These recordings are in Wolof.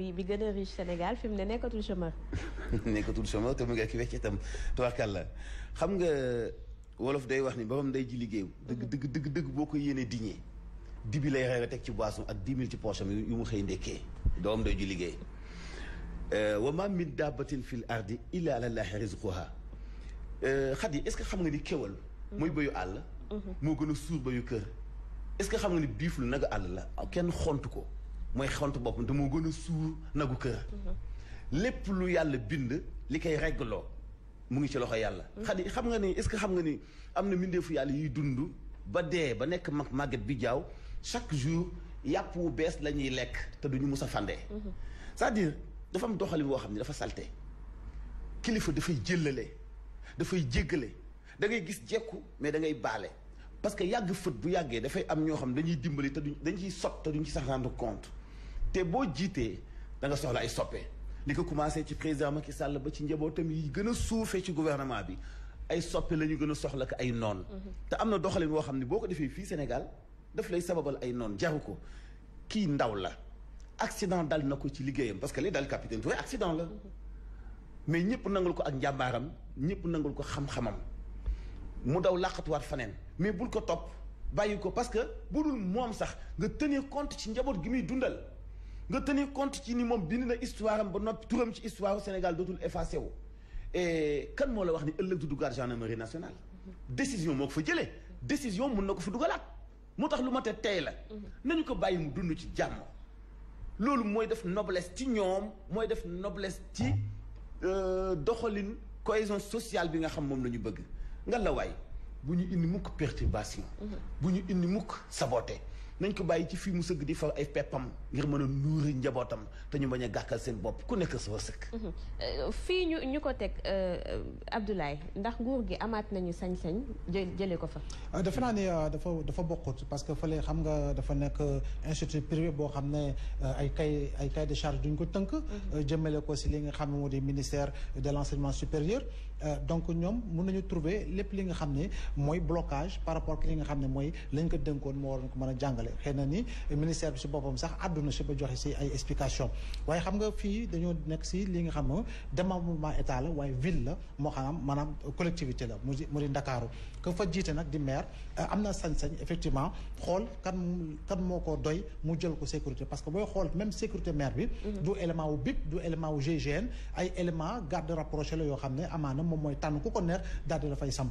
bi bi gën a riche Sénégal fi mu ne nekkatul chômeur. nekkatul chômeur te mu ngi ak wecc itam tubaarkàlla xam nga wolof day wax ni borom day ji liggéeyu. dëgg dëgg dëgg dëgg boo ko yéenee diñee dibi lay reere teg ci boisson ak dix mille ci poche am yu mu xëy ndekkee doom day ji liggéey. wa ma min daabatin fil ardi illa ala llahi rizquha xadi est-ce que xam nga ni kéwal. mooy bayu àll. moo gën a suur bayu kër. est-ce que xam nga ni biif lu nag àll la kenn xontu ko. mooy xont boppam te moo gën a suur nagu kër. lépp lu yàlla bind li koy regloo mu ngi ci loxo yàlla. Mm-hmm. xadi xam nga ni est-ce que xam nga ni am na mbindeefu yàlla yuy dund ba dee ba nekk mag màgget bi jaaw chaque jour yàpp wu bees lañuy lekk te du ñu mus a fandee. Mm-hmm. cest dafa am doxalin boo xam ne dafa salte kilifa dafay jëllale dafay jéggale da ngay gis jekku mais da ngay baale parce que yàgg fët bu yàggee dafay am ñoo xam dañuy dimbali te duñ dañ ciy sot te duñ ci sax rendre te boo jiitee danga soxla ay soppe li ko commencé ci président ma ki Sall ba ci njabootam yi gën a suufee ci gouvernement bi ay soppe la ñu gën a soxla ko ay noon mhm. te am na doxalin woo xam ne boo ko defee fii Sénégal def lay sababal ay noon jaru ko kii ndaw la accident dal na ko ci liggéeyam parce que li dal capitaine Touré accident la mhm. mais ñëpp nangul ko ak njàmbaaram ñëpp nangul ko xam-xamam mu daw làqatuwaat faneen mais bul ko topp bàyyi ko parce que bu moom sax nga tenir compte ci njaboot gi muy dundal nga tenir compte ci ni moom bind na histoire am ba noppi turam ci histoire Sénégal dootul effacé wu et kan moo la wax ni ëllëg du duggaat gendarmerie nationale décision moo ko fa jëlee décision mun na ko fa dugalaat moo tax lu ma te tey la nañu ko bàyyi mu dund ci jàmm loolu mooy def noblesse ci ñoom mooy def noblesse ci euh, doxalin cohésion sociale bi nga xam moom la ñu bëgg nga la waay bu ñu indi mukk perturbation mm-hmm. bu ñu indi mukk saboté nañ ko bàyyi ci fii mu sëgg di fa ay peppam ngir mën a nuuri njabootam te ñu bañ a gàkkal seen bopp ku nekk soo sëkk mhm. euh, fii ñu ñu ko teg euh, Abdoulaye ndax nguur gi amaat nañu sañ-sañ jë jëlee ko fa euh, dafa naa ne dafa dafa bokkut parce que fële xam nga dafa nekk institut privé boo xam ne ay kay ay kay de charge duñ ko tënk mhm. jëmale ko si li nga xam ne moo di ministère de l'enseignement supérieur donc ñoom mun nañu trouver lépp li nga xam ne mooy blocage par rapport ak li nga xam ne mooy lañ ko dënkoon moo waroon ko mën a jàngale xëy na ni ministère bi si boppam sax àdduna si ba joxe si ay explication waaye xam nga fii dañoo nekk si li nga xam ne démembrement état la waaye ville la moo xam maanaam collectivité la mu di mu di Ndakaaru que fa jiite nag di maire am na sañ-sañ effectivement xool kan kan moo ko doy mu jël ko sécurité parce que booy xool même sécurité maire bi mhm. du élément wu BIP du élément wu GIGN ay élément garde rapproché la yoo xam ne amaana moom mooy tànn ku ko neex daal di la fay samp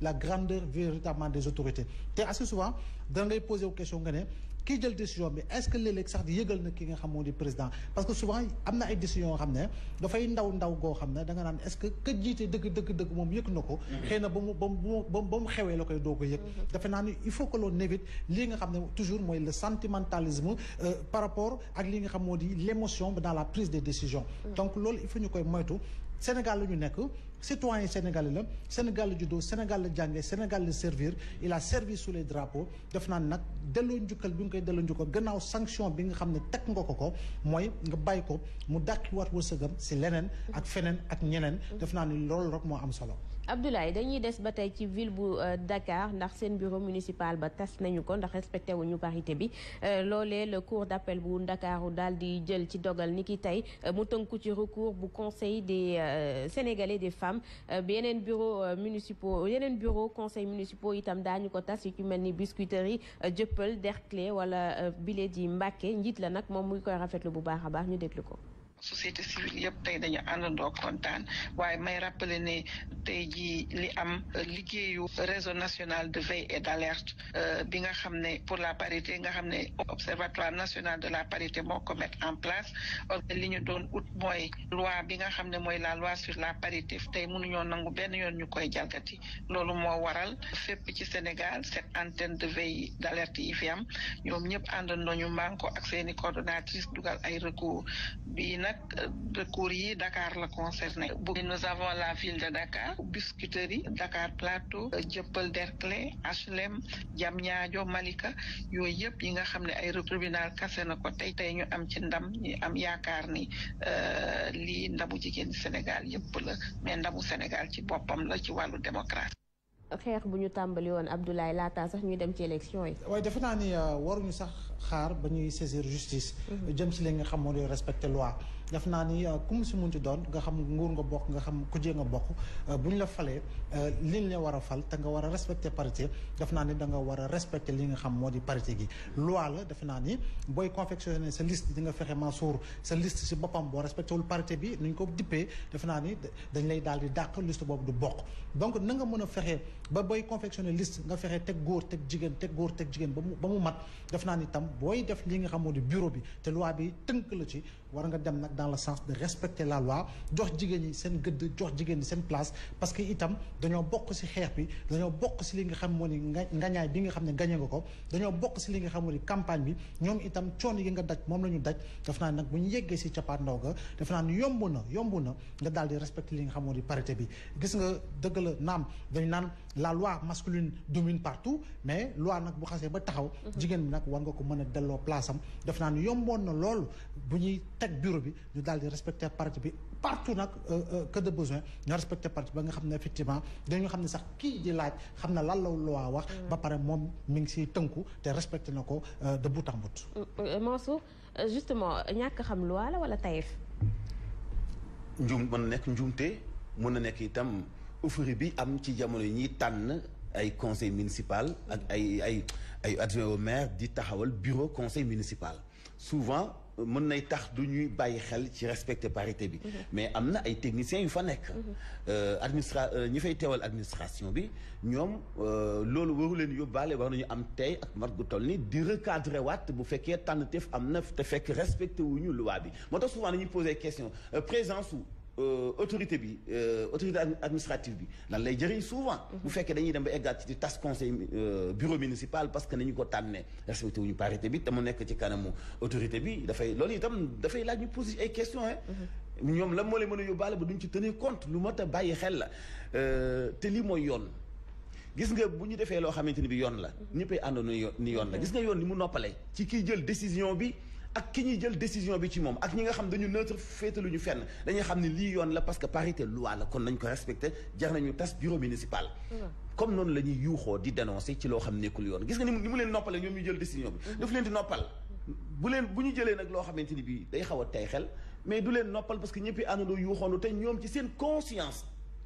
la grandeur véritablement des autorités Et assez souvent question de jël décision est-ce que président parce que souvent on ay décision décisions, il y a ndaw est-ce que il faut que l'on évite toujours le sentimentalisme euh, par rapport à l'émotion dans la prise de décision mhm. donc il faut Sénégal citoyen sénégalais le Sénégal judo, Sénégal la Sénégal la servir il a servi sous les drapeaux def naa nag delloo njukkal bi nga koy delloo njukkal gannaaw sanction bi nga xam tek nga ko ko mooy nga bàyyi ko mu wat wërsëgam ci lenen ak fenen ak ñenen def naa ni loolu rek mo am solo Abdoulaye dañuy dess batay ci ville bu euh, Dakar ndax sen bureau municipal ba tass nañu ko ndax respecté wuñu parité bi euh, lolé le cour d'appel bu Dakar, daal di jël ci dogal niki tay euh, mu teunku ci recours bu conseil des sénégalais des femmes euh, bien un bureau euh, municipal un bureau conseil municipal itam dañu ko tas ci melni biscuiterie euh, djeppel wala bile di Mbàkke la nak mom muy koy bu baax ñu déglu ko société civile yop tay dañu àndandoo kontaan waye may rappeler né tay ji li am liggéeyu réseau national de veille et d'alerte euh, bi nga xamné pour la parité nga xamné observatoire national de la parité moko mettre en place li ñu doon out mooy loi bi nga xamné moy la loi sur la parité tey ñoo nangu ben yoon ñukoy koy jalgati loolu moo waral fépp ci Sénégal cette antenne de veille d'alerte yi ñom ñep ñoom ñëpp ñu manko ak seeni coordonnatrice dugal ay recours bi nag recours euh, yi Dakar la concerné bu nous avons la ville de Dakar Biscuiterie Dakar Plateau euh, Dieuppeul Derklé jam Diamniadio Malika yooyu yëpp yi nga xam ne ay tribunal kase na ko tey tey ñu am ci ndam ñu am yaakaar ni euh, lii ndamu jigéen Sénégal yëpp la mais ndamu Sénégal ci boppam la ci wàllu démocratie xeex bu ñu tàmbali woon Abdoulaye laata sax ñuy dem ci élection yi. waaye defe naa ni euh, waruñu sax xaar ba ñuy saisir justice. Mm-hmm. jëm si li nga xam moo di respecter loi. def naa ni euh, ku mu si doon nga xam nguur nga bokk nga xam kujje nga bokk euh, bu la falee liñ la war a fal te nga war a respecter parité def naa ni da nga war a li nga xam moo di parité gi. loi la defe naa ni booy confectionné sa liste di nga fexe Mansour sa liste si boppam boo respecté wul parité bi nuñ ko dippee def naa ni dañ lay daal di dàq liste boobu du bokk donc na mën a fexe. ba booy confectionner liste nga fexe teg góor teg jigéen teg góor teg jigéen ba mu ba mu mat def naa ni tam booy def li nga xamoo ni di bureau bi te loi bi tënk la ci war nga dem nak dans le sens de respecter la loi jox jigéen s'en seen gëdd jox jigéen sen place parce que itam daño bokk ci xeex bi daño bokk ci li nga xam moo ni ngañaay bi nga xam ne gagné nga ko daño bokk ci li nga xam moo campagne bi ñom itam coono yi nga daj mom la ñu daj daf na nak buñu ñu ci ci ndaw ga daf naa ni yomb na yomb nga daal di respecter li nga xam moo parité bi gis nga deug la nam dañ naan la loi masculine domine partout mais loi nak bu xasse ba taxaw mhm. jigéen nak war nga ko mën a place am daf na ni na loolu bureau bi ñu respecter parti bi partout n'a euh, euh, que de besoin ñu respecter parti ba nga effectivement dañu xamne sax qui di laaj xam lan la loi wax. Mm. ba paré mom mi ngi coup teunku te respecter nako euh, de bout en bout. Mansour justement ñak xam loi la wala tayef. ñum mën nek ñumté njuumte mën na itam euphorie bi am ci jamono ñi tan ay conseil municipal ak ay ay ay adjoint au maire di taxawal bureau conseil municipal souvent mën nay tax duñuy ñuy bàyyi xel ci respecter parité bi. Mhm. mais am na ay techniciens yu fa nekk. Mhm. Euh, administra euh, ñi fay teewal administration bi ñoom euh, loolu waru leen yóbbaale war nañu am tey ak mat gu toll ni di recadrer waat bu fekkee tànn teef am na te fekk respecté wuñu loi bi moo tax souvent dañuy poser question présence euh, autorité bi euh, autorité administrative bi lan lay souvent mhm. bu dañuy dem ba tas conseil euh, bureau municipal parce que nañu ko respecté wuñu parité bi ci kanamu autorité bi fay itam poser questions hein mhm. tenir compte lu xel la yoon gis nga bi mhm. yoon ni yoon la gis nga yoon ni mu ci jël décision bi ak ki ñuy jël décision bi ci moom ak ñi nga xam dañu neutre féetalu ñu fenn dañuy xam parce que parité loi la kon nañ ko respecté tas bureau municipal comme noonu la ñuy yuuxoo di dénoncer ci loo yoon gis nga ni mu décision bi mm-hmm. daf leen di noppal bu leen bu ñu day mais du leen parce que conscience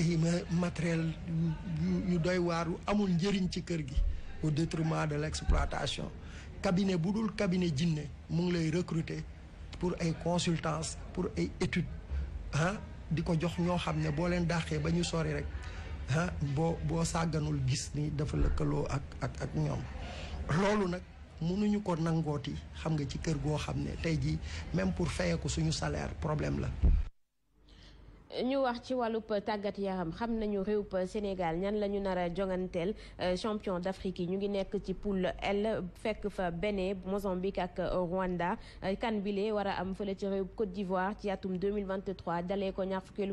yi matériel yu doy waaru amul njëriñ ci kër gi au détriment de l' exploitation bu dul cabinet jinne mu ngi lay recruter pour ay consultance pour ay étude ah di ko jox ñoo xam ne boo leen dàqee ba ñu sori rek ah boo boo sàgganul gis ni dafa lëkkaloo ak ak ak ñoom loolu nag mënuñu ko nangooti xam nga ci kër goo xam ne tey jii même pour fayeku suñu salaire problème la ñu wax ci wàllub tàggat yaram xam nañu réew Sénégal ñan la ñu nar a jonganteel euh, champion d'Afrique yi ñu ngi nekk ci poule L fekk fa Bénin Mozambique ak euh, Rwanda euh, kan bile war a am fële ci réew Côte d'Ivoire ci atum 2023 dalee ko ñaar fukkeelu